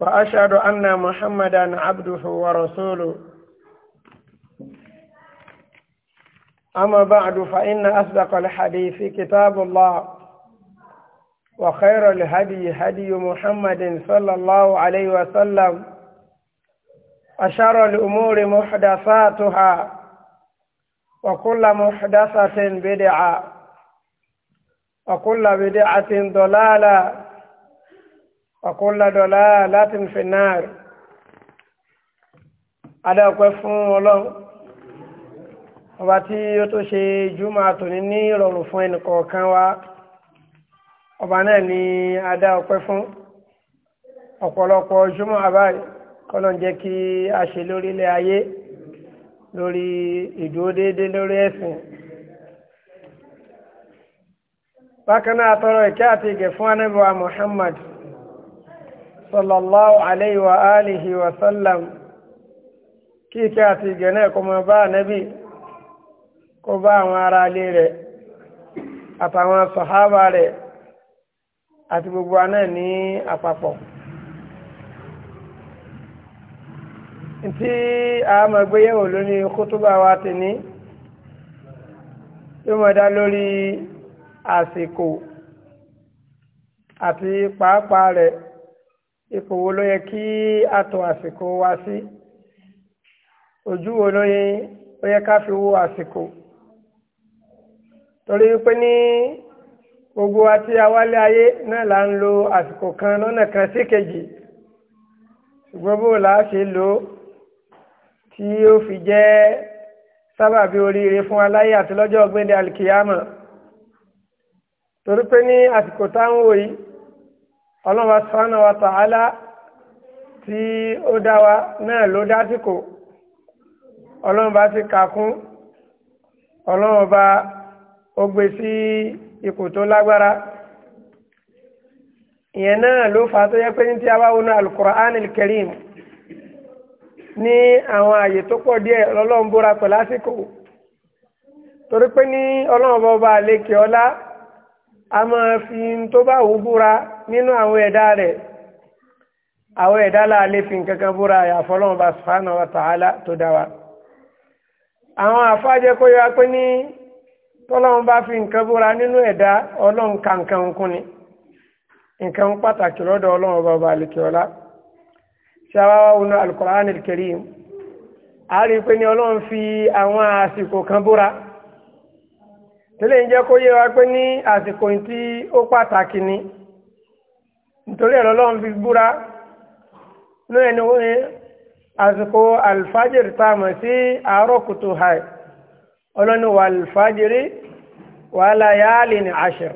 وأشهد أن محمدا عبده ورسوله أما بعد فإن أصدق الحديث كتاب الله وخير الهدي هدي محمد صلى الله عليه وسلم أشر الأمور محدثاتها وكل محدثة بدعة وكل بدعة ضلالة ọ̀kúnlá dọ̀lá láti ń fi náà rẹ̀ adáwọ̀pẹ́ fún ọlọ́run ọba tí ó tó ṣe ìjùmọ̀ àtòní ní ìrọ̀rùn fún ẹnìkọ̀ọ̀kan wa ọba náà ni adáwọ̀pẹ́ fún ọ̀pọ̀lọpọ̀ ìjùmọ̀ àbáyé kọ́lọ̀ ń jẹ́ kí a ṣe lórílẹ̀ ayé lórí ìdúró déédéé lórí ẹ̀sìn bákan náà tọrọ ìkẹ́ àti ìgẹ̀ fún anábíwá Muhammad sallallahu alayhi wa alihi wa sallam kí ike àti ìgẹ̀nẹ́ kó máa bá ànábì kó bá àwọn ará ilé rẹ̀ àtàwọn sọ̀hábà rẹ̀ àti gbogbo aná ní àpapọ̀. tí a máa gbéyẹ̀wò lónìí kútúbà wa ti ní yóò máa dá lórí àsìkò àti pàápàá rẹ̀ ipò wo ló yẹ kí a tọ àsìkò wa sí ojú wo ló yẹ ó yẹ ká fi wo àsìkò torí pé ní gbogbo àti awálé ayé náà là ń lo àsìkò kan lọ́nà kan sí kejì ṣùgbọ́n bó la ṣe lò ó tí ó fi jẹ́ sábàbí oríire fún aláyé àti lọ́jọ́ ọ̀gbẹ́ni alikiyama torí pé ní àsìkò táwọn wò yìí ọlọ́wà sọ́nà wa tààlà tí ó dá wa náà ló dásìkò ọlọ́run bá ti kà kún ọlọ́run bá ó gbé sí ipò tó lágbára ìyẹn náà ló fà tó yẹ pé ní tí a bá wọnú alukur'an al-karim ní àwọn àyè tó pọ̀ díẹ̀ lọ́lọ́run búra pẹ̀lú àsìkò torí pé ní ọlọ́run bá ọba àlekè ọlá a máa fi tó bá wù búra. nínú àwọn ẹ̀dá rẹ̀ àwọn ẹ̀dá láàlẹ́ fi nǹkan kan búra àyàfi bá tó dáwà. àwọn àfáàjẹ kó yọ pé ní tọ́lọ́wọ́n bá fi nǹkan búra nínú ẹ̀dá ọlọ́run kún ni pàtàkì lọ́dọ̀ ọlọ́run ọ̀la ṣàwáwá i pé fi àwọn àsìkò kan búra tẹ́lẹ̀ ń jẹ́ kó yẹ pé ní àsìkò ni. nítorí ẹ̀rọ lọ́n fi búra ní ẹni wọ́n ní àsìkò alfajiri tá a mọ̀ sí àárọ̀ kùtù hàì ọlọ́ni wà alfajiri wà láyàálì ní àṣẹ.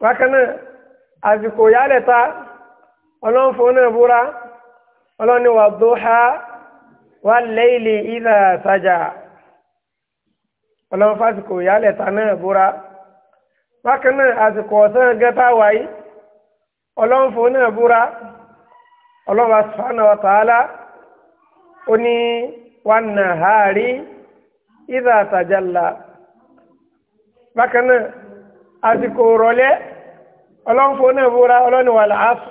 bákan náà àsìkò yálẹ̀ta ọlọ́n fún náà búra ọlọ́ni wà dóhà wà lẹ́yìnlì ìdá sájà ọlọ́n fásìkò yálẹ̀ta náà búra bákan náà àsìkò ọ̀sán gẹ́tà wáyé ọlọ́run fún náà búra ọlọ́run subhanahu wa ta'ala ó ní wan nahari idha tajalla bákan náà àsìkò rọ̀lẹ́ ọlọ́run fún náà búra ọlọ́run wal asr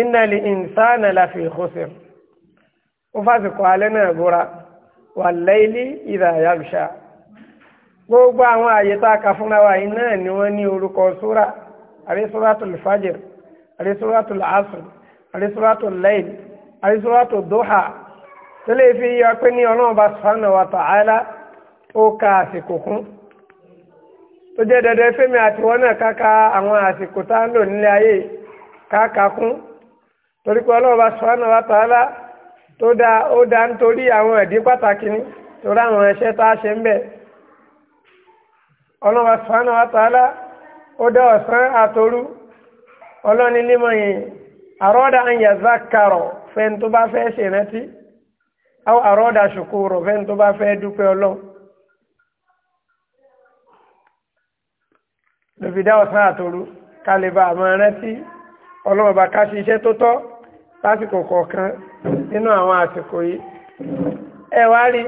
innal insana lafi khusr ó fàsìkò alẹ́ náà búra wal layli idha yaghsha gbogbo àwọn àyè tá a kà fúnra wa yìí náà ni wọ́n ní orúkọ súra àbí súratul fajr àrísúrátù asr àrísúrátù layl àrísúrátù duha tẹ́lẹ̀ fi yọ pé ní ọlọ́run bá subhanahu wa ta'ala ó ka àsìkò kún tó jẹ́ dandan fẹ́mi àtiwọ́n náà káka àwọn àsìkò tá ń lò nílé ayé káka kún torí pé ọlọ́run bá subhanahu wa tó dá ó dá nítorí àwọn ẹ̀dí pàtàkì ní torí àwọn ẹ̀ṣẹ̀ tá a ṣe ń bẹ̀ ọlọ́run bá subhanahu wa ó dá ọ̀sán àtòru ọlọ́ni límọ̀ yẹn àrọ́dà ń yà zákàrọ̀ fẹ́ni tó bá fẹ́ ṣèrántí àwọn àrọ́dà ṣùkúrọ̀ fẹ́ni tó bá fẹ́ dúpẹ́ ọlọ́run. lòfìdá ọ̀sán àtòru kálíbà àmọ́ rántí ọlọ́run bá ká ṣe tó tọ́ lásìkò kọ̀ọ̀kan nínú àwọn àsìkò yìí. ẹ wá rí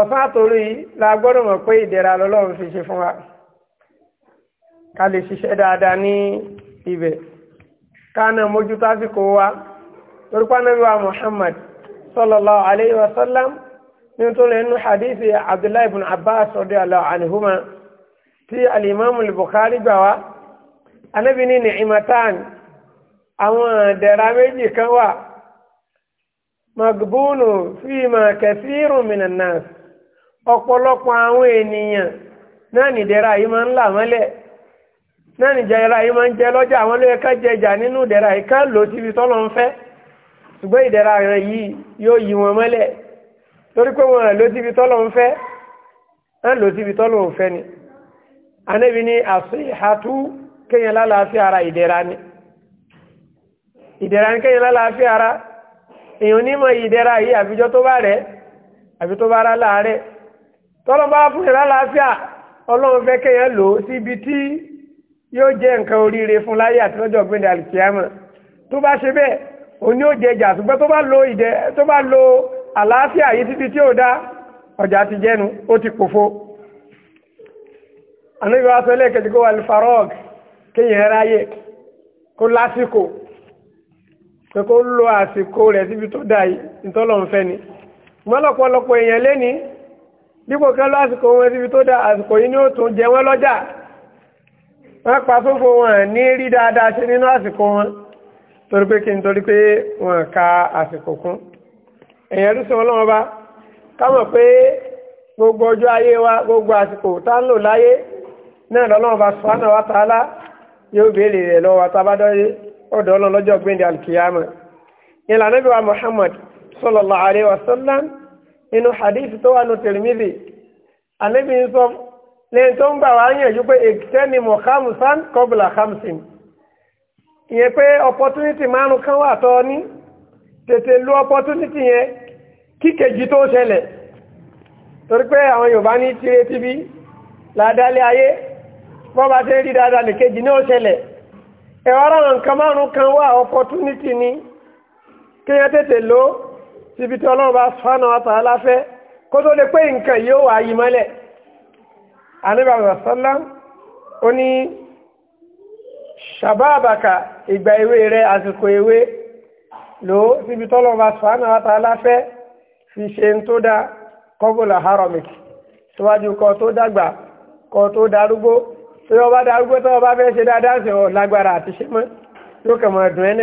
ọ̀sán àtòru yìí la gbọ́dọ̀ mọ̀ pé ìdẹ̀ra lọ́lọ́run fi ṣe fún wa ká lè ṣiṣẹ́ dáadáa ní ibẹ̀ kánà mójú tásìkò wa torí pàánàbí wa Muhammad sallallahu alayhi wa sallam ní tó lè nú hadithi abdullahi ibn abbas radiyallahu anhuma tí alimamu al-bukhari gbà wá anabi ní ni'imatan àwọn dẹ̀ra méjì kan wà magbunu fima kathirun minan nas ọ̀pọ̀lọpọ̀ àwọn ènìyàn náà nìdẹ̀ra yìí máa ń là mọ́lẹ̀ náà nìjà ìra yìí máa ń jẹ lọ́jà àwọn olóyè ká jẹ ìjà nínú ìdẹ̀ra ìká ká lò síbi ń fẹ́ ṣùgbọ́n ìdẹ̀ra rẹ̀ yìí yóò yí wọn mọ́lẹ̀ torí pé wọn lò síbi ń fẹ́ wọn lò síbi ń fẹ́ ni àṣìhàtú lálàáfíà ara ìdẹ̀ra ni ìdẹ̀ra ni lálàáfíà ara èèyàn onímọ̀ ìdẹ̀ra yìí tó bá rẹ̀ tó bá yóò jẹ́ nǹkan oríire fún láyé àti lọ́jọ́ gbẹ̀dẹ̀ alìkíyàmọ̀ tó bá ṣe bẹ́ẹ̀ òní ó jẹ ìjà ṣùgbọ́n tó bá lo ìdẹ tó bá lo àlàáfíà yìí títí tí ò dá ọjà ti jẹnu ó ti pòfo. ànábi wa sọ lẹ́ẹ̀kejì kó wà ní farog kéèyàn ráyè kó lásìkò pé kó lo àsìkò rẹ̀ síbi tó dá yìí nítọ́lọ́nfẹ́ ni mọ́lọ́pọ̀lọpọ̀ èèyàn lẹ́ni dípò kẹ́ lásìkò wọn síbi tó dá àsìkò yìí ni ó tún jẹ wọ́n lọ́jà wọ́n pa fófó wọn ní rí dáadáa ṣe nínú àsìkò wọn torí pé kí n torí pé wọn ka àsìkò kún ẹ̀yìn ẹ̀rú sọ ọlọ́wọ́n bá kámọ̀ pé gbogbo ọjọ́ ayé wa gbogbo àsìkò tá ń lò láyé náà lọ́lọ́wọ́n bá sọ́nà wa tààlà yóò béèrè rẹ̀ lọ́wọ́ àtàbádọ́yé ọ̀dọ̀ ọlọ́run lọ́jọ́ gbéǹde alkiyama ìlànà bí wa Muhammad sallallahu alaihi wasallam inú hadith tó wà ní Tirmidhi lẹ́yìn tó ń gbà wá yànjú pé èkìtẹ́ni mọ̀ hamsan kọ́bùlà hamsin ìyẹn pé opportunity márùn kan wà tọ́ ní tètè lo opportunity yẹn kíkejì tó ṣẹlẹ̀ torí pé àwọn Yorùbá ní tire ti bí ládálé ayé wọ́n bá ti rí dáadáa lè kejì ní ó ẹ̀wọ́ ara nǹkan márùn kan wà opportunity ní kéèyàn tètè lo síbi tí Ọlọ́run bá sọ́nà ọ̀tàn aláfẹ́ kó tó lè pé nǹkan yóò wá yí mọ́lẹ̀ anábàbà sọ́lá ó ní ṣàbábàkà ìgbà èwe rẹ àsìkò èwe lò ó síbi tọ́lọ́ba sùhánà wa ta'ala fẹ́ fi ṣe ń tó dá kọ́bùlà haramik síwájú kó tó dàgbà kó tó darúgbó tí wọ́n bá darúgbó tó wọ́n bá fẹ́ ṣe dáadáa sí ọ lágbára àti ṣe mọ́ yóò kàn máa dùn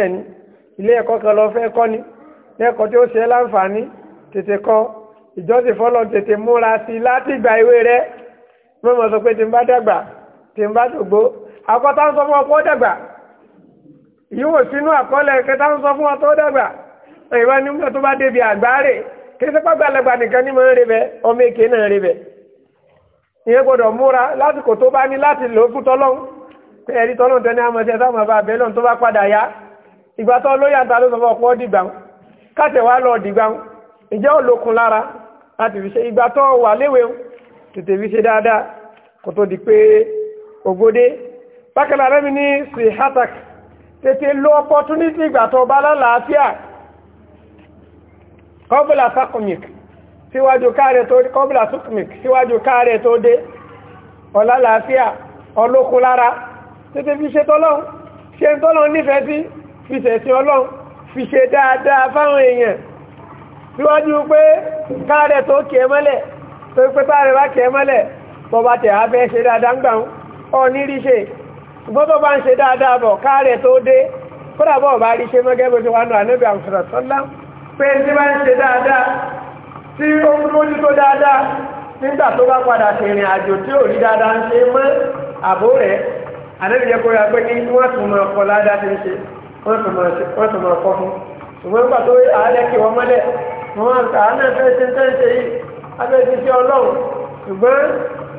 ẹ́ náà mọ́mọ́ sọ pé tí n bá dàgbà tí n bá dògbó àkọ́tà ń sọ fún ọkọ́ dàgbà ìyíwò sínú àkọọ́lẹ̀ kẹta ń sọ fún ọtọ́ dàgbà ìwà nígbà tó bá débi àgbáre kí sẹ́pà gbàlagbà nìkan ní mọ̀ ń rebẹ̀ ọmọ èké náà rebẹ̀ ìyẹn gbọ́dọ̀ múra lásìkò tó bá ní láti lò fún tọ́lọ́hún ẹ̀rí tọ́lọ́hún tẹ́ni àmọ́sẹ́ táwọn àbá abẹ́lọ́n tó bá padà yá ìgbà tó lóyà ta ló sọ fún ọ̀pọ̀ dìgbà kátẹ̀ wá lọ dìgbà ìjẹ́ òlòkun lára láti fi ṣe ìgbà tó wà léwéun tètè fi ṣe dáadáa kò tó di pé ògbódé bákan náà rẹ́mi ní sihatak tètè lo opportunity ìgbà tó bá lálàáfíà kọ́bùlà sakumik síwájú káàrẹ tó dé kọ́bùlà sakumik síwájú káàrẹ tó dé ọlálàáfíà ọlókun lára tètè fi ṣe tọ́lọ́ ṣe ń tọ́lọ́ nífẹ̀ẹ́ sí fi ṣẹ̀sìn ọlọ́run fi ṣe dáadáa fáwọn èèyàn síwájú pé káàrẹ tó kìí mọ́lẹ̀ tó pé bá rẹ̀ bá tẹ̀ mọ́lẹ̀ bọ́ bá tẹ̀ abẹ́ ṣe dáadáa ń gbà ń ọ ní rí ṣe ṣùgbọ́n tó bá ń ṣe dáadáa bọ̀ káàrẹ̀ tó dé kódà bọ́ bá rí ṣe mọ́gẹ́ bó ṣe wà nù ànábì àmùsọ̀rọ̀ sọ́lá pé tí bá ń ṣe dáadáa tí ó ń mójú tó dáadáa nígbà tó bá padà ṣe ìrìn àjò tí ò rí ní wọ́n wọ́n tún mọ ọkọ̀ fún ṣùgbọ́n nígbà tó kí wọ́n mọ́lẹ̀ wọ́n àánà fẹ́ ṣe ń tẹ́ ṣe yìí abẹ́síṣẹ́ ọlọ́run ṣùgbọ́n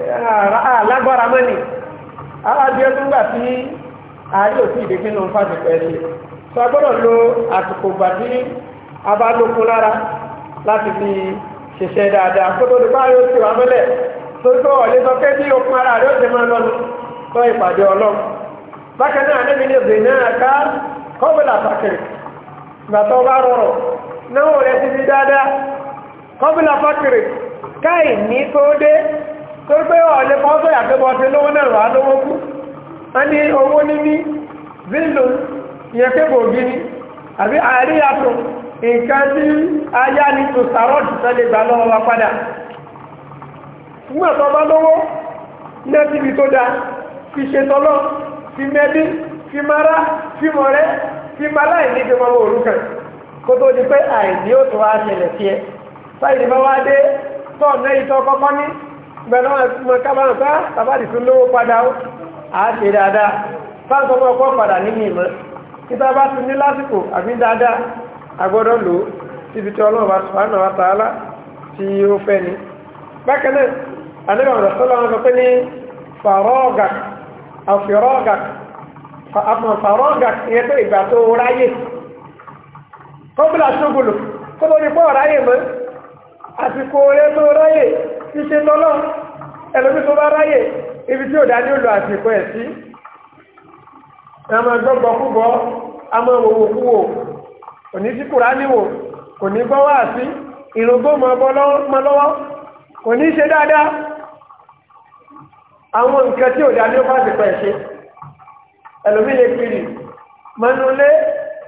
eh, alágbára mọ́ni alábíọ́dún gbà tí ààrẹ agbọ́dọ̀ lo àsìkò gbà tí a bá lókun lára láti fi ṣiṣẹ́ dáadáa kó tó dípá yóò ti wà mọ́lẹ̀ tó tó ọ̀lẹ́ sọ pé bí okun ara rẹ̀ ó ti máa lọ́nu sọ ìpàdé ọlọ́run bákan náà níbi ní ti fi dáadáa kọ́bílà fákìrì káì ní tó dé tó pé ọ̀lẹ́ fọ́sọ̀ yàtọ́bọ̀ ti lówó náà rà lówó kú a ní owó níní zílò yẹ kébò gíní àbí àríyàtọ̀ nǹkan tí ayá ní tó sàrọ́dù tẹ́lẹ̀ gbà lọ́wọ́ wa padà nígbàtọ́ bá lówó nẹ́tìbì tó dáa fi di pé àìní ó tó wá ṣẹlẹ̀ sí ẹ sáyidì bá wá dé tọ́ ọ̀nà ìtọ́ kọ́kọ́ ní gbẹ̀nà ọ̀nà kábàrún sá tàbádì tún lówó padà ó à á ṣe dáadáa fáńsọ mọ́ ọkọ́ padà nínú ìmọ̀ títa bá ti ní lásìkò àbí dáadáa agbọ́dọ̀ lò ó síbi tí ọlọ́run bá sọ àná wa tààlà tí ó fẹ́ ni. bákan náà àníbà ọ̀rọ̀ sọ́lá wọn sọ àsìkò rẹ tó ráyè ṣíṣe tọ́lọ́ ẹlòmí tó bá ráyè ibi tí ò dá ní òlò àsìkò ẹ̀ sí ma gbọ́gbọ́ kúgbọ́ ma òwò kúwò kò ní sí Kùránì kò ní gbọ́ sí ìrògbó lọ́wọ́ kò ní ṣe dáadáa àwọn nǹkan tí dá ní òfà ẹ̀ ṣe ẹlòmí lè kiri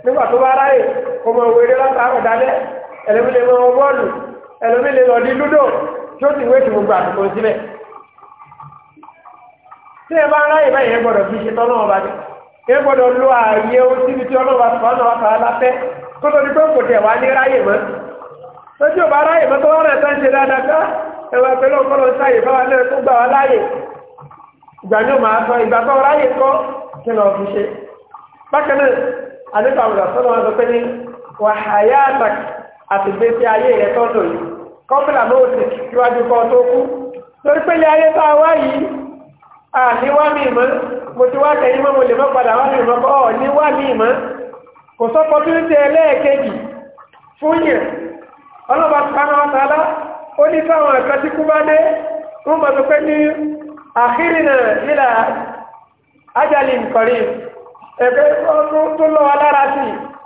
nígbà tó bá ráyè kò mọ̀ wèrè ẹlòmí lè lọ ní lúdò tí ó sì wé ti gbogbo àtúntò sílẹ̀ tí ẹ bá ń ráyè báyìí ẹ gbọ́dọ̀ fi ṣe tọ́ náà bá dé ẹ gbọ́dọ̀ lo ààyè síbi tí ọlọ́wà fà náà fà láfẹ́ kó tó ní pé kò tẹ̀ wá ní ráyè mọ́ lójú ò bá ráyè mọ́ tó wá rẹ̀ tán ṣe dáadáa ẹwà pẹ̀lú ọpọlọ sáyè bá wà náà tó gbà wá láyè ìgbà yóò máa sọ ìgbà tó ráyè kọ́ kí lọ fi ṣe bákan náà àdébàwùdà sọ́nà wọn sọ pé ní wàhálà àti gbèsè ayé rẹ̀ tọ́lọ̀ yìí kọ́pìlà ló ti síwájú kan tó kú lórí pẹ́lẹ̀ ayé tá a wá yìí à ní wá mi mọ́ mo ti wá tẹ̀yìn mọ́ mo lè mọ́ padà wá mi mọ́ kọ́ ọ̀ ní wá mi mọ́ kò sọ́kọ́ tó ń tẹ ẹlẹ́ẹ̀kejì fún yẹn ọlọ́ba sùpánà ọ̀tàlá ó ní káwọn ẹ̀ka tí kú bá dé wọ́n mọ̀ tó pé ní àkírìnà ìlà ájàlì nǹkan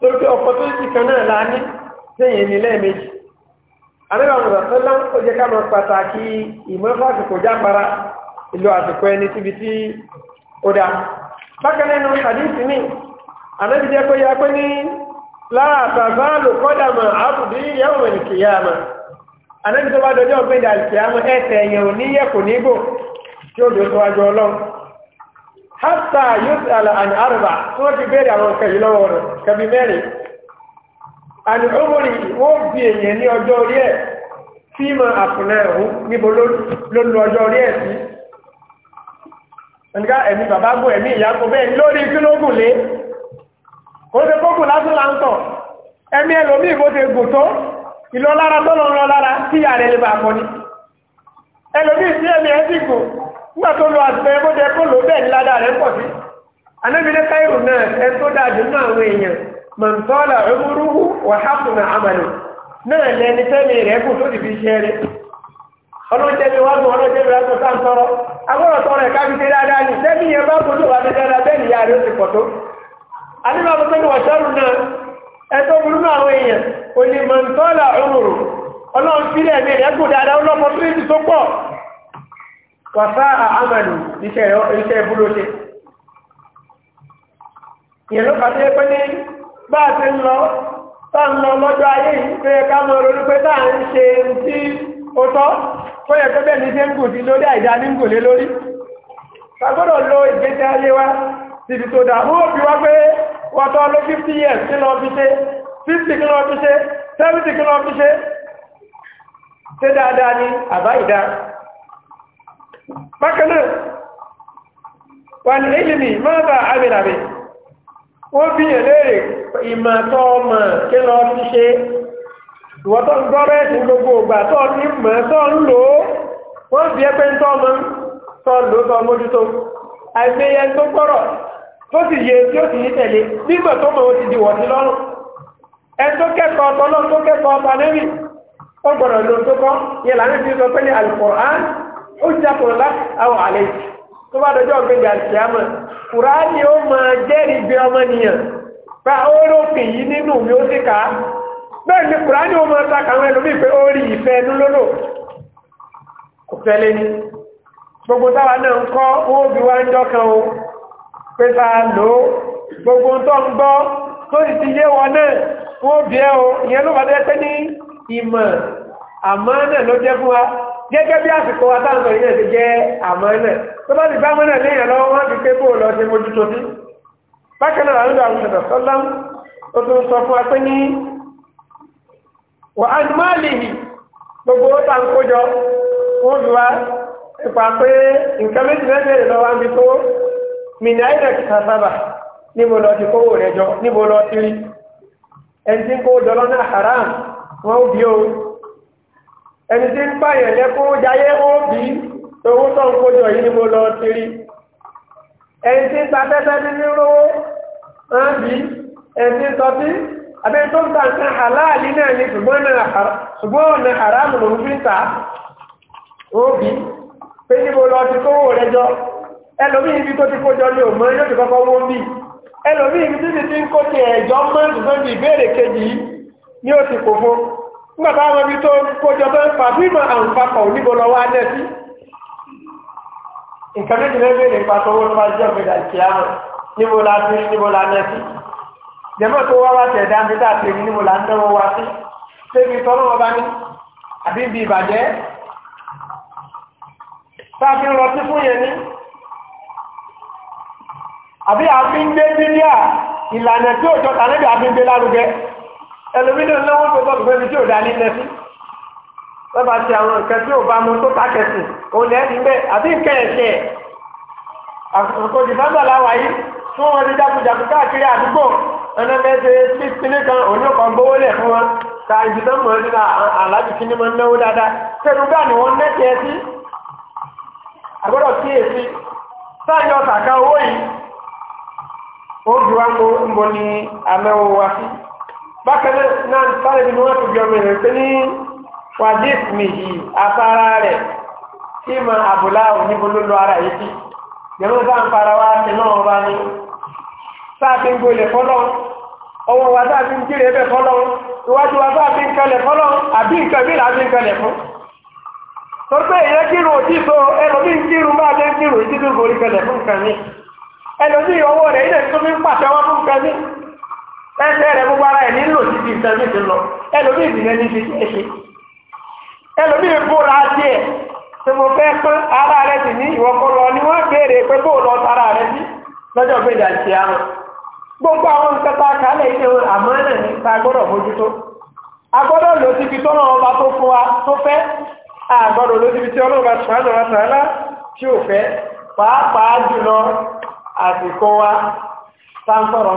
torí pé ọkọ̀ tó ti kan náà láàánú sẹ́yìn ní lẹ́ẹ̀mejì àríwá ọ̀rọ̀ lọ́n ó jẹ́ ká máa pàtàkì ìmọ̀fà àsìkò jábára ìlú àsìkò ẹni síbi tí ó dá bákan nínú àdíìsì mi ànábi jẹ́ pé yá pé ní lára àtàzá lò kọ́dà mọ̀ àbùdí yẹ́wò mẹ́lìkìyàmà ànábi hátà yóò ti àlà àni àrùbà tí wọ́n ti bẹ̀rẹ̀ àwọn kẹ̀yì lọ́wọ́ rẹ̀ kẹbi mẹ́rin àni ọmọrin wọ́n bí èèyàn ní ọjọ́ orí ẹ̀ tí mọ àfúnà ẹ̀hún níbo ló lu ọjọ́ orí ẹ̀ sí nígbà ẹ̀mí bàbá gùn ẹ̀mí ìyá kò bẹ́ẹ̀ lórí kí ló gùn lé kó ṣe kó gùn lásán láńtọ̀ ẹ̀mí ẹlòmíì bó ṣe gùn tó ìlọlára tó lọ ń lọ lára tí ìyá rẹ̀ lè ni ẹlòmí sí ẹ̀mí ẹ̀ sì gùn nígbà tó lọ àgbẹ̀ bó jẹ kó lò bẹ́ẹ̀ ní ládàá rẹ̀ pọ̀ sí anábìlẹ̀ káyọ̀ náà ẹ tó dáa jù nínú àwọn èèyàn mọ̀ntọ́lá ọmọrúhù wàhásùnà àmàlù náà lẹni tẹ́mi rẹ̀ kù tó ti fi ṣe rẹ̀ ọlọ́jẹ́mi wá gùn ọlọ́jẹ́mi wá gùn sáńtọ́rọ́ agbọ́dọ̀ tọrọ ẹ̀ká tó wà ọlọ́run sílẹ̀ ní ẹ̀kù dáadáa ọlọ́mọ tírísì tó pọ̀ kọ̀sá àmàlù iṣẹ́ ìbúrò ṣe ìyẹn ló pàtó pé ní bá ti ń lọ tá ń lọ lọ́jọ́ ayé yìí pé ká mọ ronú pé tá lo ìgbésẹ̀ ayé wa síbi tó dà ó fi wá pé wọ́n tọ́ ló fifty years kí lọ́ọ́ fi ṣe fifty kí lọ́ọ́ fi ṣe seventy kí lọ́ọ́ fi ṣe ṣé dáadáa ní àbá ìdá bákan náà wà ní ilimi máa bá àmìnàmì wọ́n bí ẹlẹ́rẹ̀ kí lọ ti ṣe ìwọ́tọ́ ń gbogbo ògbà tó ti mọ̀ tó sì yẹ tí ó sì yí tẹ̀lé nígbà tó mọ̀ ó ti ó gbọ́dọ̀ lo tó kọ́ yẹ lànà tí ó sọ pé ní alukur'an ó jàpọ̀ lá àlẹ́ tó bá dọjọ́ gbẹ̀gbẹ̀ àlùkìyàmọ̀ kùránì ó ọmọ nìyàn bá ó lófin yìí nínú mi ó sì ni ó pé ó rí ìfẹ́ gbogbo táwa náà gbogbo tó ń gbọ́ bá ìmọ̀ àmánà ló jẹ́ fún wa gẹ́gẹ́ bí àsìkò wa táǹkọ̀ yìí náà ti jẹ́ àmánà tó bá ti bá mọ́nà léèyàn lọ́wọ́ wọ́n ti pé bóò lọ sí mójútó sí bákan náà àwọn àwọn ṣẹ̀dọ̀ sọ́lám ó tún sọ fún wa pé ní wà á ní máa lè yìí gbogbo ó tà ń kójọ wọ́n fi wá ipa pé nǹkan méjì náà bẹ̀rẹ̀ lọ́wọ́ á ń bi tó mìnà àìdẹ̀ kìtà sábà lọ ti kówó rẹ̀ jọ níbo lọ ti rí ẹni tí ń kó jọ lọ́nà haram wọ́n ó bí o ẹni tí ń pààyàn lẹ́kọ́ ó jayé ó bí owó tó ń kójọ yìí ni mo lọ tiri ẹni tí ń ta tẹ́tẹ́ ní nírówó ń bí ẹni tí ń sọtí àbẹ́ tó ń ta nǹkan aláàlí náà ni ṣùgbọ́n ọ̀nà àrámù ló ń fi ń ta ó bí pé ní mo lọ ti kówó rẹ jọ ẹlòmíì ibi tó ti kójọ ni ò mọ yóò ti kọ́kọ́ wọ́n bí ẹlòmíì ibi tí ti ń kó ti ẹ̀jọ́ mọ́ ìbéèrè kejì yìí ní ó ti kò fún nígbàtà àwọn ibi tó kójọ tó ń fàbímọ̀ àǹfàkọ̀ oníbọ̀lọ̀ wá náà sí nǹkan méjì lẹ́gbẹ̀ẹ́ lè pa tọwọ́ nípa jẹ́ ọ̀gbẹ̀dà ìkìyàmọ̀ níbo la fi níbo la náà sí jẹ́mọ́ tó wá wá tẹ̀dá mi tá àti èmi níbo la ń dánwó wá sí sébi tọ́lọ́ ọba ní àbí ẹlòmínú lọ́wọ́ tó tọ́ fún mi tí ò dá nílẹ̀ sí lọ́ba ti àwọn nǹkan tí ò bá mu tó tákẹ́sì òun lẹ́ ní bẹ́ẹ̀ àbí nǹkan ẹ̀ṣẹ̀ àkókò dìbàbà làwà yìí fún wọn ti jagunjagun káàkiri àdúgbò ẹnu mẹ́sẹ̀ pípínì kan lẹ̀ fún wọn kí ni mo náwó dáadáa bá ẹ sí àgbọ̀dọ̀ owó yìí ó ju ń ní sí. bákan náà sáré bí wọ́n ti jọ mẹ́rin pé ní wàjíf méjì afárá rẹ̀ tí ma àbúláwò ara yìí sí yẹmọ́ bá ń para wá sí náà ní fọ́lọ́ ọwọ́ wa sáàbí ń jíre fọ́lọ́ iwájú wa sáàbí kalẹ̀ fọ́lọ́ àbí nǹkan bí làbí fún tó pé kírun òtí ẹlòmí kírun bá jẹ́ kírun fún ẹlòmí ọwọ́ rẹ̀ ilẹ̀ tó fi ń fún pẹ́ẹ́sẹ́ rẹ gbogbo ara ẹ̀ nílò títí ìtẹ́lẹ̀ ti lọ ẹlòmíì ìdìbò ní ti tiẹ̀ ṣe ẹlòmíì bóra tiẹ̀ tí mo fẹ́ pé ara rẹ sì ní ìwọ́kọ́ ni wọ́n béèrè pé bó lọ tara rẹ sí lọ́jọ́ gbèdà ti àrùn gbogbo àwọn nǹkan tá a kà á lẹ̀ ṣe àmọ́ ẹ̀ ní ta gbọ́dọ̀ mójútó a gbọ́dọ̀ lò síbi tó náà ọba tó fún wa tó fẹ́ a gbọ́dọ̀ lò síbi tí ọlọ́ba sùnmọ́ wa sàrẹ́lá tí ò fẹ́ pàápàá jùlọ àsìkò wa tá ń sọ̀rọ̀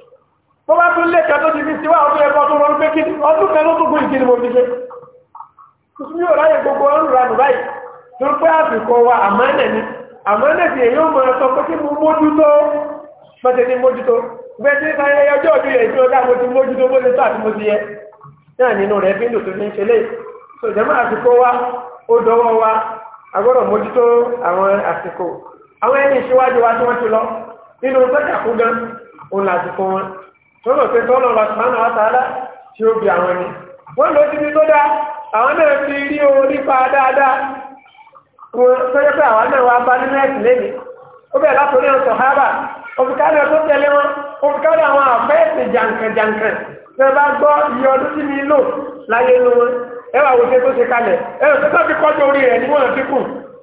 tó bá tún lẹ́ka tó ti fi síwá ọdún ẹ̀kọ́ tó rọrùn pé kí ọdún kan ló tó gún ìkíni mo fi ṣe kùsùn yóò ráyè gbogbo ọrùn ranù báyìí tó pé àsìkò wa àmọ́nẹ̀ ni àmọ́nẹ̀ sì èyí ó mọ ẹ̀sọ́ pé kí mo mójútó mọ́tẹ́ ní mójútó gbẹ́sí sáyẹyẹ ọjọ́ òbí rẹ̀ náà nínú rẹ̀ bí lòtò fi ń ṣe àsìkò wa ó dọwọ́ wa a gbọ́dọ̀ mójútó àwọn àsìkò àwọn ẹni ìṣíwájú wa tí wọ́n ti lọ nínú sọ́jà gan òun làsìkò wọn tọ́lọ̀ pé tọ́lọ̀ lọ́sùmánà àtàlá tí ó bí àwọn ni wọ́n lọ síbi tó dá àwọn náà fi rí owó nípa dáadáa wọn sọ́jọ́ pé àwọn náà wá bá nínú ẹ̀sìn lẹ́nu ó bẹ̀rẹ̀ látòrí àwọn sọ̀hábà òfìkálẹ̀ tó tẹ̀lé wọn òfìkálẹ̀ àwọn àfẹ́ẹ̀sì jàǹkànjàǹkàn tẹ́ bá gbọ́ iye ọdún tí mi lò láyé nu wọn ẹ wà wòṣe tó ṣe kalẹ̀ ẹ wòṣe tó fi kọ́jọ orí rẹ̀ níwọ̀n dínkù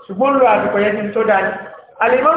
ṣùgbọ́n lo àsìkò yẹn ti tó dání. Al-Imam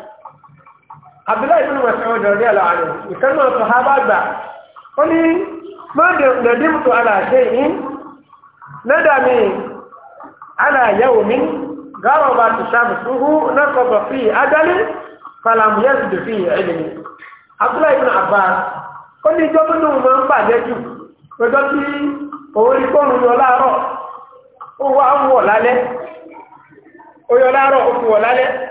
abdullahi bin mas'ud radiyallahu anhu ìkan náà sàhábà gbà ó ní mọ́dé nàdímùtò aláṣẹ yìí nádà mi aláyẹ̀wò mi gáwọ̀ bá ti sàmùsùhù nákọ̀bọ̀ fi adálí falamu yẹ́sù dè fi ilmi abdullahi bin abbas ó ní ìjọ tó lóun máa ń pàdé yọ láàárọ̀ ó wá wọ̀ lálẹ́ ó yọ láàárọ̀ ó fi wọ̀ lálẹ́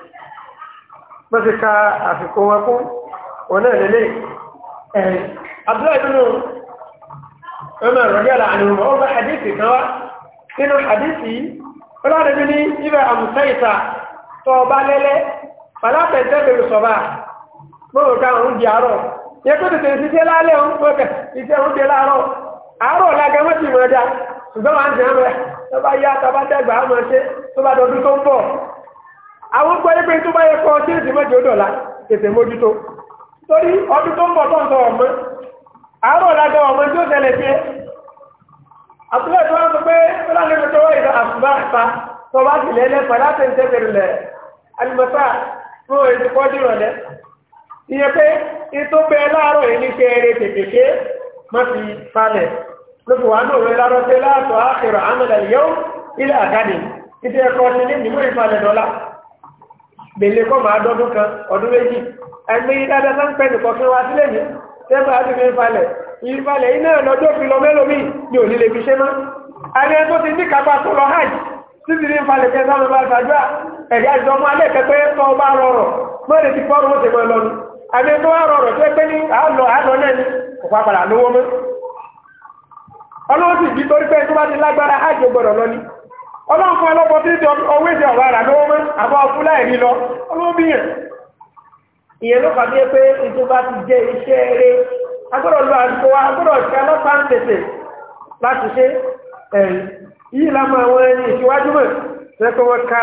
bó ti ka àfikún wọn kún náà lélẹ̀ ẹ̀rìn abúlé ìbínú ọmọ ìrọ̀lẹ́ àníwọ̀n ọmọ hadithi kan wá nínú hadithi ọlọ́dẹ̀bí ní ibẹ̀ àmùsáìta tọ́ ọba lẹ́lẹ́ pàlápẹ̀ẹ́sẹ́ bẹ̀rù na àwọn gbọ́dé pé tó bá yẹ kọ́ sí èsì mẹ́jọ dọ̀la èsì mójútó torí ọdún tó ń bọ̀ tọ̀ǹtọ̀ ọmọ àárọ̀ lájọ ọmọ tí ó tẹ̀lé sí ẹ àtúnyẹ̀ tó wá sọ pé fúlàní mi tọwọ́ ìdá àtúbà ta tọba sì lẹ́lẹ́ padà tẹ̀ ń tẹ̀lé lẹ̀ alimọ̀tà fún èsì pọ́jú rọ̀lẹ́ ìyẹn pé ètò bẹ láàárọ̀ yìí ní kẹrẹ tètèké má fi falẹ̀ lóṣù wà ní òwe lárọ́ tẹ láàtọ̀ àkèrò àmàlẹ̀ yẹ́wò ilẹ̀ àgádì ìdí ẹ̀kọ́ ti gbèlè kọ́ máa dọ́dún kan ọdún méjì ẹgbẹ́ yìí dáadáa sáà ń pẹ́ nìkan fún wa sílẹ̀ yìí tẹ́lẹ̀ àti fi falẹ̀ ìfalẹ̀ iná fi lọ mẹ́lòmí ni ní fi ṣe mọ́ tó ti ní kápá tó lọ hajj títí ní falẹ̀ kẹta ló bá alẹ́ kẹpẹ́ rọrọ̀ ti lọ́nu tó wá rọrọ̀ tó pé ní àlọ́ àlọ́ náà ni lówó mọ́ ọlọ́wọ́ sì bí torí pé tó ọlọ́run fún ọlọ́pọ̀ tí ìtọ́ owó ìdí ọ̀rọ̀ àrà lọ́wọ́ mọ́ àbọ̀ ọkùn láìrí lọ ọlọ́bìyàn ìyẹn ló fà bí pé ètò bá ti jẹ iṣẹ́ eré agbọ́dọ̀ lọ àdúgbò wa agbọ́dọ̀ ṣe ọlọ́pàá ń tètè láti ṣe ẹ̀rí yìí lámọ àwọn ẹni ìṣíwájú mọ̀ lẹ́kọ̀ọ́ wọn ka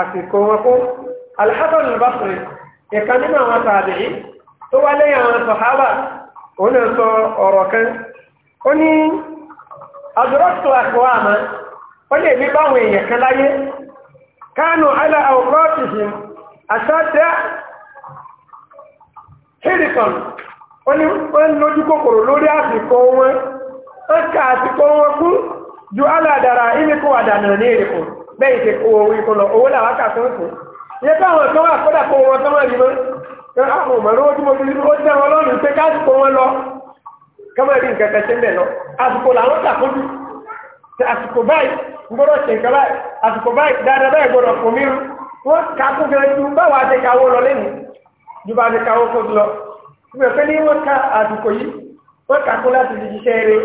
àsìkò wọn kó Al-Hasan al-Basri ìkan nínú àwọn tàbí tó wá lẹ́yìn àwọn sàhábà òun náà sọ ọ̀rọ̀ kan ó ní adúrọ́tò àkọ́wà máa ó lè ní báwọn èèyàn kan láyé kánù alá àwòkọ́ọ̀tìsìn àṣájá hìrìkan ó ní wọ́n lójú kòkòrò lórí àsìkò wọn ó ká àsìkò wọn kú ju aládàra ìmìkú àdànà ní èrìkù bẹ́ẹ̀ ṣe owó ìkọlọ owó làwọn tó wọn wọn gbọ́dọ̀ ṣe nǹkan báyìí àsìkò báyìí dáadáa báyìí gbọ́dọ̀ fún mi rú wọ́n kà kún fẹ́ ju báwa ti kawó lọ lẹ́nu ju bá ti kawó kó lọ ìgbà pé ní wọ́n ka àsìkò yìí wọ́n kà kún láti fi ṣiṣẹ́ eré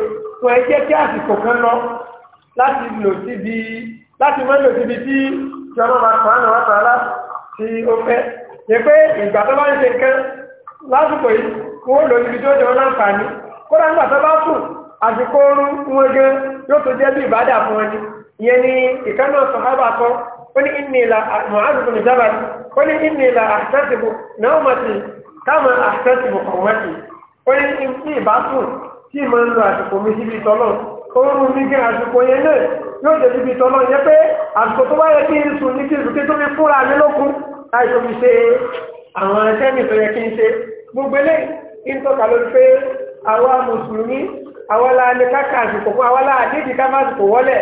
wọ́n ẹ jẹ́ kí àsìkò kan lọ láti lò síbi láti mọ́ lò síbi tí ìjọba máa kọ́ àná wá tààlà tí ó fẹ́ ṣe pé ìgbà tó bá ń ṣe nǹkan lásìkò yìí kó lò níbi tó jẹ́ wọn fún àsìkò yóò tó jẹ́ bí ìbádà fún wọn ìyẹn ni ìkànnà sọ̀hábà sọ ó ní ìnìlà mọ̀hálùkù ní sábà ó ní ìnìlà àṣẹ́sìbò náà mọ̀tì káàmà àṣẹ́sìbò kọ̀wọ́tì ó ní ní ìbátún tí mo ń lo àsìkò mi síbi tọ́lọ̀ ó ń mi gé àsìkò yẹn náà yóò jẹ́ síbi tọ́lọ̀ yẹn pé àsìkò tó bá yẹ kí n sùn ní kí n sùn kí n tó fi àwọn mùsùlùmí àwa la ní fún àwa la ká má sìkò wọlẹ̀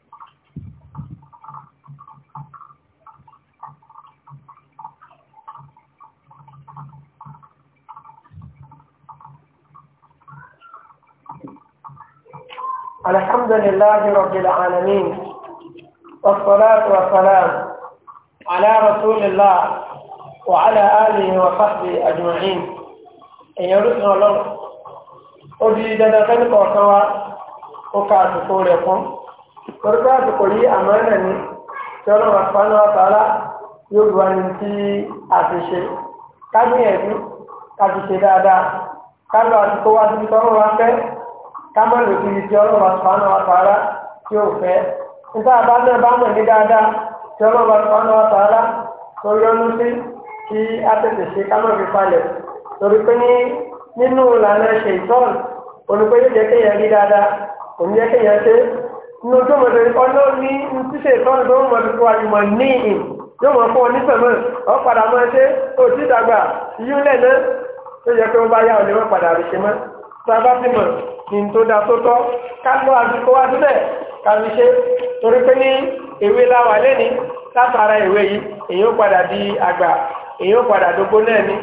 الحمد لله رب العالمين والصلاة والسلام على رسول الله وعلى آله وصحبه أجمعين ẹ̀yẹ orúkọ ọlọ́run ó di dandan fẹ́nìkọ̀ ọ̀kan wa ó ka àsìkò rẹ̀ fún orúkọ àsìkò yìí àmọ́ẹ̀nà ni tí ọlọ́run àpáná àtàlá yóò bu wani tí a ti ṣe kágbìyànjú ká ti ṣe dáadáa ká lọ àsìkò wa ti tọrọ wa fẹ́ kámọ́lù kí ni tí ọlọ́mọ sùpánù àtàrà tí ó fẹ́ nígbà bá náà bá mọ̀ ní dáadáa tí ọlọ́mọ sùpánù àtàrà tó yọnu sí kí á tètè ṣe kámọ́ fi palẹ̀ torí pé ní nínú ìlànà ṣe ìtọ́n olùkọ́ yóò jẹ́ kéèyàn rí dáadáa kò ní jẹ́ kéèyàn ṣe nínú tó mọ̀ lórí ọlọ́ ní ṣíṣe ìtọ́n tó mọ̀ lórí wa ìmọ̀ ní ìn yóò mọ̀ fún ọ ọ padà mọ́ ṣe òtí yúlẹ̀ náà tó yẹ kí wọ́n bá yá ọ sábà ti mọ̀ ní tó da tó tọ́ ká lọ àdúgbò wá síbẹ̀ ká fi ṣe torí pé ní èwe láwà lẹ́ni látara ìwé yìí èyí ó padà di àgbà èyí ó padà dógbó náà ni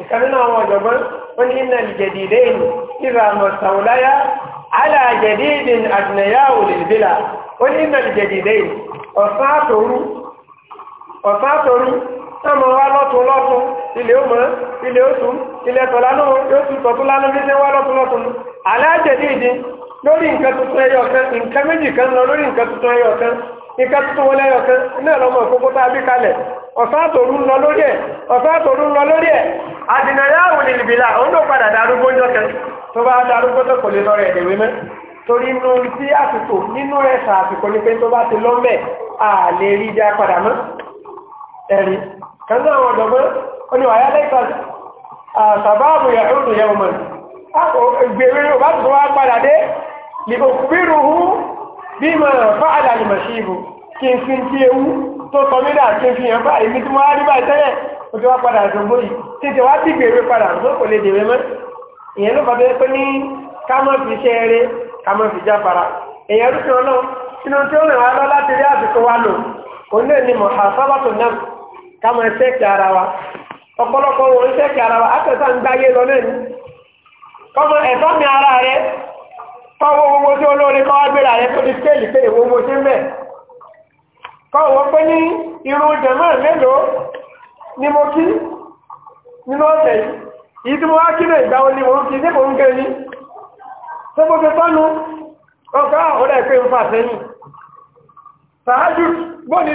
ìkan nínú àwọn ọ̀jọ̀gbọ́n ó ní iná ìjẹ̀dì ìdẹ́yìn ìlà àmọ̀sàwòláyà alájẹ̀dì ìdìn àdìnàyà òlèlébélà ó ní iná ìjẹ̀dì ìdẹ́yìn ọ̀sán àtòrú sọmọ wa lọtún lọtún ilé ó mọ ilé ó tún ilé tọ̀lá náà yóò tún tọ̀tún lánàá bí wọ́n lọtún lọtún aláàjẹ dídì lórí nǹkan tuntun ẹyọ kan nǹkan méjì kan lọ lórí nǹkan tuntun ẹyọ kan nǹkan tuntun wọlé ẹyọ kan náà lọmọ òkókó tá a bí kalẹ̀ ọ̀sán àtòrú ń lọ lórí ẹ̀ ni pé tó bá ti lọ́mẹ̀ à lè rí ẹ̀rí kanú àwọn ọ̀dọ̀gbọ́n ó ní wàyá lẹ́kọ̀ọ́ sàbáàbù yàrùn yẹ̀wò mọ̀ gbèrè ọba tó wá padà dé lìbò bírù hù bí mà fà àdàlùmọ̀ sí ibù kí n fi ń tí ewu tó sọ mí dà kí n fi hàn bá èmi tí mo wá rí báyìí tẹ́lẹ̀ ó ti wá padà àdúgbò yìí títí wá sí gbèrè de tó kò lè dèwé mọ́ ìyẹn ló fàbẹ́ pé ní ká mọ́ fi ṣe eré ká mọ́ fi jáfara èèyàn rúfin ọlọ́run inú tí ó rìn wá lọ láti rí àsìkò wa lò òun náà ni mọ̀ àsábàtò náà ká máa ṣẹ́ẹ̀kì ara wa ọ̀pọ̀lọpọ̀ wọn ń ṣẹ́ẹ̀kì ara wa àtẹ̀sán ń gbáyé lọ náà ni ẹ̀fọ́ mi ara rẹ owó tí olóore rẹ tó ti tẹ́lì pé ṣe pé ní irun jẹ̀mọ́ mélòó ni mo kí nínú ọ̀sẹ̀ yìí mo wá kí olè kí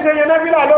ń ní tó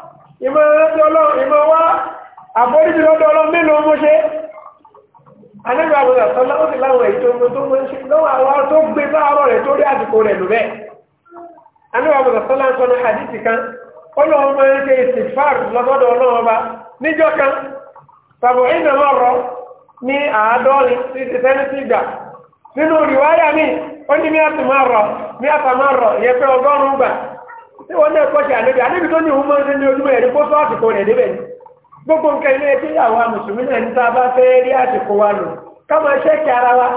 ìmọ̀ ẹ̀rẹ́dẹ́ ọlọ́run ìmọ̀ wá àforíjì lọ́dọ̀ ọlọ́run mélòó mo ṣe anẹ́gbẹ́ àbúrò àtọ́lá ó sì láwọn èyí tó ń tó ń ṣe lọ́wọ́ àwọn tó gbé láàárọ̀ rẹ̀ tó rí àsìkò kan ọlọ́run máa ń ṣe ìsìfàr lọ́dọ̀ ọlọ́run ọba níjọ́ kan tàbí ìnà máa rọ ní àádọ́rin sí ti sẹ́ni sí ìgbà nínú rìwáyà mi ó ní mí àtùmọ̀ rọ mí àtàmọ̀ ọgọ́rùn-ún gbà tí wọ́n náà kọ́ṣẹ́ àlébì àlébì tó ní ìhúnmọ́ ṣe ní ojúmọ́ ẹ̀rí kó tó àsìkò rẹ̀ débẹ̀ ni gbogbo nǹkan ilé ẹtí àwọn mùsùlùmí tá a bá fẹ́ rí àsìkò wa lò káwọn ẹṣẹ́ kí ara wa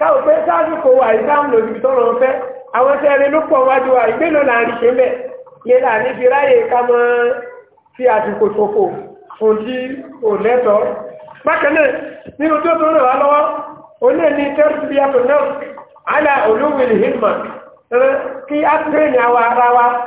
káwọn pé sáàsìkò wa yìí táwọn lòdì tó rọrùn fẹ́ àwọn ẹṣẹ́ rẹ ló wájú wa ìgbé láàrin ṣe mẹ́ láàrin fi ráyè ká mọ́ fi àsìkò ṣòfò fún ò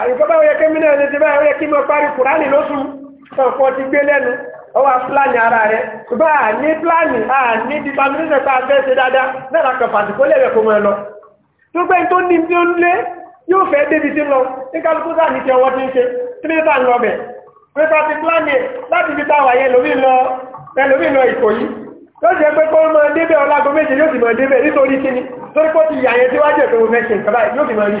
àyíkọ́ bá wọ́yẹ kémi náà ní ti báyìí wọ́yẹ kí mo parí kùránì lóṣù tọ̀fọ́ ti gbé lẹ́nu ọwọ́ pílánì ara rẹ̀ ṣùgbọ́n à ní pílánì à ní determination pa fẹ́ ṣe dáadáa náà kàn fàtí kó lẹ́yẹ kó mọ́ ẹ lọ. tó gbé tó ní tí ó ń lé yóò fẹ́ débi tí ń lọ ní kálukú sáà ní ti ọwọ́ ti ń ṣe tí ní sáà ń lọ bẹ̀. pípa ti pílánì láti fi táwà yẹ lómi débẹ̀ ọlágo yóò sì mọ débẹ̀ nítorí kíni torí pé ó ti yà yẹn tí wájú tó mo fẹ́ yóò sì mọ rí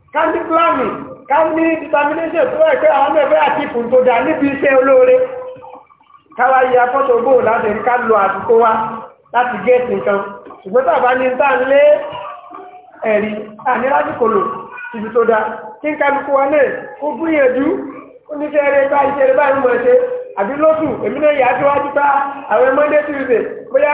ká ní pílánì ká ní determination tó ẹ̀ pé àwọn mẹ́fẹ́ àti ìfún tó dà níbi iṣẹ́ olóore káwá yí akọ́tò bò láti rí ká lo àsìkò wa láti géètì nǹkan ṣùgbọ́n tàbá ní tá ń lé ẹ̀rí àní lásìkò lò ibi tó dá kí n kálukú wa náà ó gbìyànjú ó ní sẹ́ẹ̀rẹ́ bá iṣẹ́ rẹ̀ báyìí mọ̀ ṣe àbí lóṣù èmi náà yà á tó wájú bá àwọn Monday Tuesday bóyá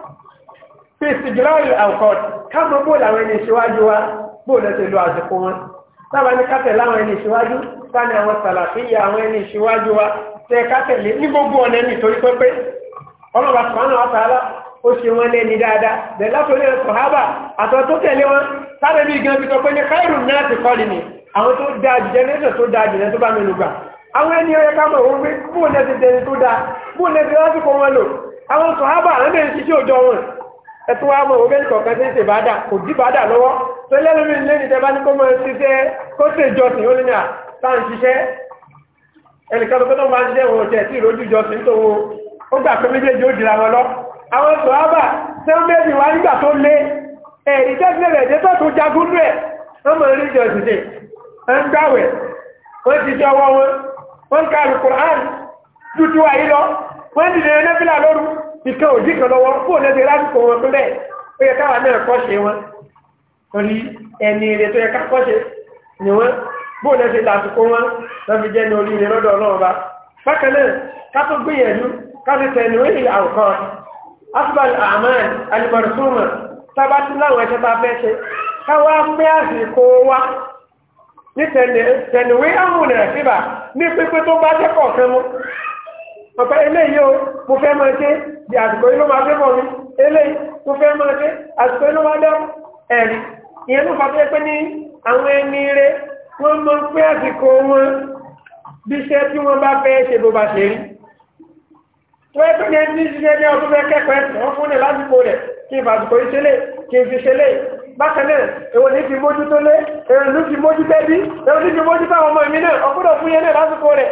pèsè jùlọ àǹkọ̀t káàmù bó làwọn ẹni ìṣíwájú wa bó lẹ́sẹ̀ lo àsìkò wọn sábà ní kátẹ̀ láwọn ẹni ìṣíwájú sáni àwọn sàlàfíyà àwọn ẹni ìṣíwájú wa tẹ kátẹ̀lé ní gbogbo ọ̀nà ẹni torí pẹ́pẹ́ ọlọ́ba sọ̀rọ̀ wa sàálà ó ṣe wọn lẹ́ni dáadáa bẹ̀rẹ̀ látòlé ẹ̀ sọ̀hábà àtọ̀ tó tẹ̀lé wọn sábẹ́ bí gan bíkọ́ pé ní káírù náà ti àwọn tó dáa jùjẹ́ lẹ́sẹ̀ wọn ẹtú wa mọ òwe kọ̀ọ̀kan tí ń ṣe bàdà kò dí bàdà lọ́wọ́ tó lẹ́nu mi lé ní tẹ́ bá ní kó máa ṣiṣẹ́ kó ṣe ìjọsìn ó lé ní à tá à ń ṣiṣẹ́ ẹnìkan tó tó máa ń ṣiṣẹ́ wọn ọ̀tẹ̀ tí ìrójú ìjọsìn tó wo ó gbà pé méjèèjì ó dira wọn lọ. àwọn sọ̀hábà tẹ́ ń bẹ́ẹ̀ wá nígbà tó lé ẹ̀rí tẹ́sílẹ̀ rẹ̀ dé ìkan òjì kan lọ́wọ́ fún ọ̀lẹ́dẹ̀ lásìkò wọn tó bẹ́ẹ̀ ó yẹ káwa náà kọ́ṣe wọn torí ẹni èrè tó yẹ ká kọ́ṣe ni wọn bóun náà ṣe lásìkò wọn lọ́fi jẹ́ ní orí ilé lọ́dọ̀ ọlọ́run aman alimarsuma tábà tí láwọn ẹ̀ṣẹ́ bá fẹ́ ṣe káwa pé àsìkò wa ní tẹ̀níwé àmúnà síbà ní pípé tó bá ọ̀pá eléyìí o mo fẹ́ máa ṣe bí àsìkò yìí ló máa fẹ́ bọ̀ mi eléyìí mo fẹ́ máa ṣe àsìkò yìí ló máa dẹ́rù ẹ̀rí ìyẹn ló fàtẹ́ pé ní àwọn ẹni rẹ wọ́n mọ pé àsìkò wọn bí iṣẹ́ tí wọ́n bá fẹ́ ṣe bó ba ṣe rí wọ́n ẹgbẹ́ ní ẹni ṣiṣẹ́ ní ọdún fẹ́ kẹ́kọ̀ọ́ ẹ̀sìn wọ́n fún ẹ̀ lásìkò rẹ̀ kí n fàsìkò yìí ṣẹlẹ̀ kí n fi ṣẹlẹ̀ bákan náà èwo ní fi mójútó lé èrò ní fi mójútó bí èrò ní fi mójútó àwọn ọmọ mi ọkúrò fún yẹn náà lásìkò rẹ̀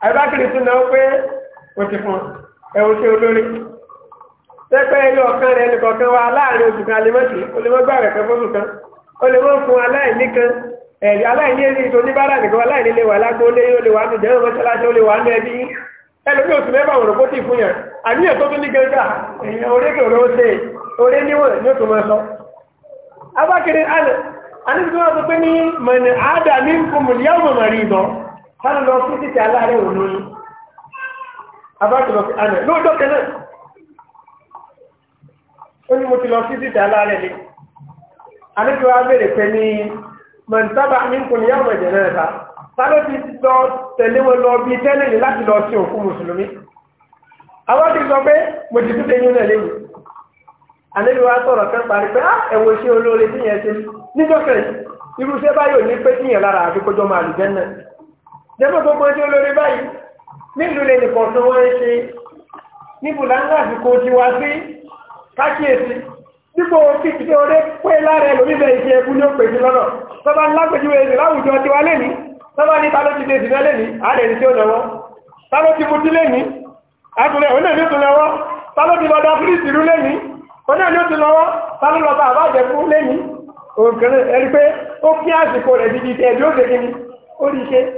àbákiri tún náà pé o ti fún ẹ̀wọ̀n ṣe olórí tẹ́pẹ́ ẹyọ ọ̀kan rẹ̀ nìkọ̀ọ̀kan wa láàrin oṣù kan alimọ́sí o lè mọ́ gbà rẹ̀ pẹ́fọ́sù kan o lè mọ́ fún aláìní kan ẹ̀rí aláìní èrí tó níbàárà nìkan aláìní lè wà lágbó lé yóò lè wà ní jẹ́rọ mọ́ṣáláṣí ó lè wà ní ẹbí ẹlòmí oṣù mẹ́fà wọ̀n kó tì fún yàn àníyàn tó tún ní gẹ́gà èèyàn orí kò ló ṣe orí níwọ̀n ní oṣù mọ́ sọ. abákiri alẹ́ anígbé wọn sọ pé ní mọ̀nì àádà ní nkùnmùlì yàwó mọ̀mọ̀rì ìdán sáà lọ sí títí aláàrẹ̀ òun ní abájọlọ sí àná lóòjọ́ kẹ́lẹ́ ó ní mo ti lọ sí títí aláàrẹ̀ ni àlejò abẹ́rẹ́ pẹ́ ní mọ̀ntábà ní nkùn yá ọmọ ìjẹ̀lẹ̀ rẹ̀ ta sáré ti lọ tẹ̀lé wọn lọ bí tẹ́lẹ̀ ní láti lọ sí òkú mùsùlùmí àwọn ti sọ pé mo ti tún tẹ́yìn náà léwu àlejò wa sọ̀rọ̀ kan parí pé ah, ẹ̀wọ̀n ṣé olóore tíyẹn ṣe níjọ́ kẹ́lẹ̀ irúṣẹ́ báyìí ní pé tíyẹn lára àfikójọ́ máa lù jẹ́ náà jẹ́mọ́ gbogbo ẹjọ́ olórí báyìí nílùú lè nìkan tó wọ́n ń ṣe níbo ń gbà àsìkò ti wá sí kákíyèsí dípò fífi tí pé lára ẹlòmí bẹ̀rẹ̀ iṣẹ́ ẹkú ní òpèsè lọ́nà láwùjọ ti wá lẹ́ni ní ló ti dèsì náà lẹ́ni àárẹ̀ ní tí ó lọ́wọ́ ta ló ti mutí lẹ́ni àtúnlẹ̀ òun náà ní ti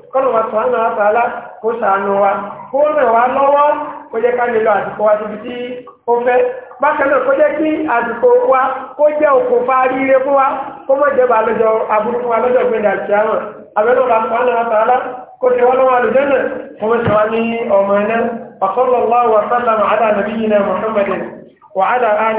kọ́nà wa sọ àánú àtàlá kó sàánú wa kó ràn wá lọ́wọ́ kó jẹ́ ká lè lọ àsìkò wa síbi tí ó fẹ́ bákan náà kó jẹ́ kí àsìkò wa kó jẹ́ òkùnfà ríire fún wa kó mọ̀ jẹ́ bá lọ́jọ́ aburú fún wa lọ́jọ́ gbẹ̀dẹ̀ àti àwọn àbẹ̀lọ́ wa wọ́n lọ́wọ́ àlùjẹ́ náà kó mọ̀ sọ wá ní ọmọ náà الله وسلم على نبينا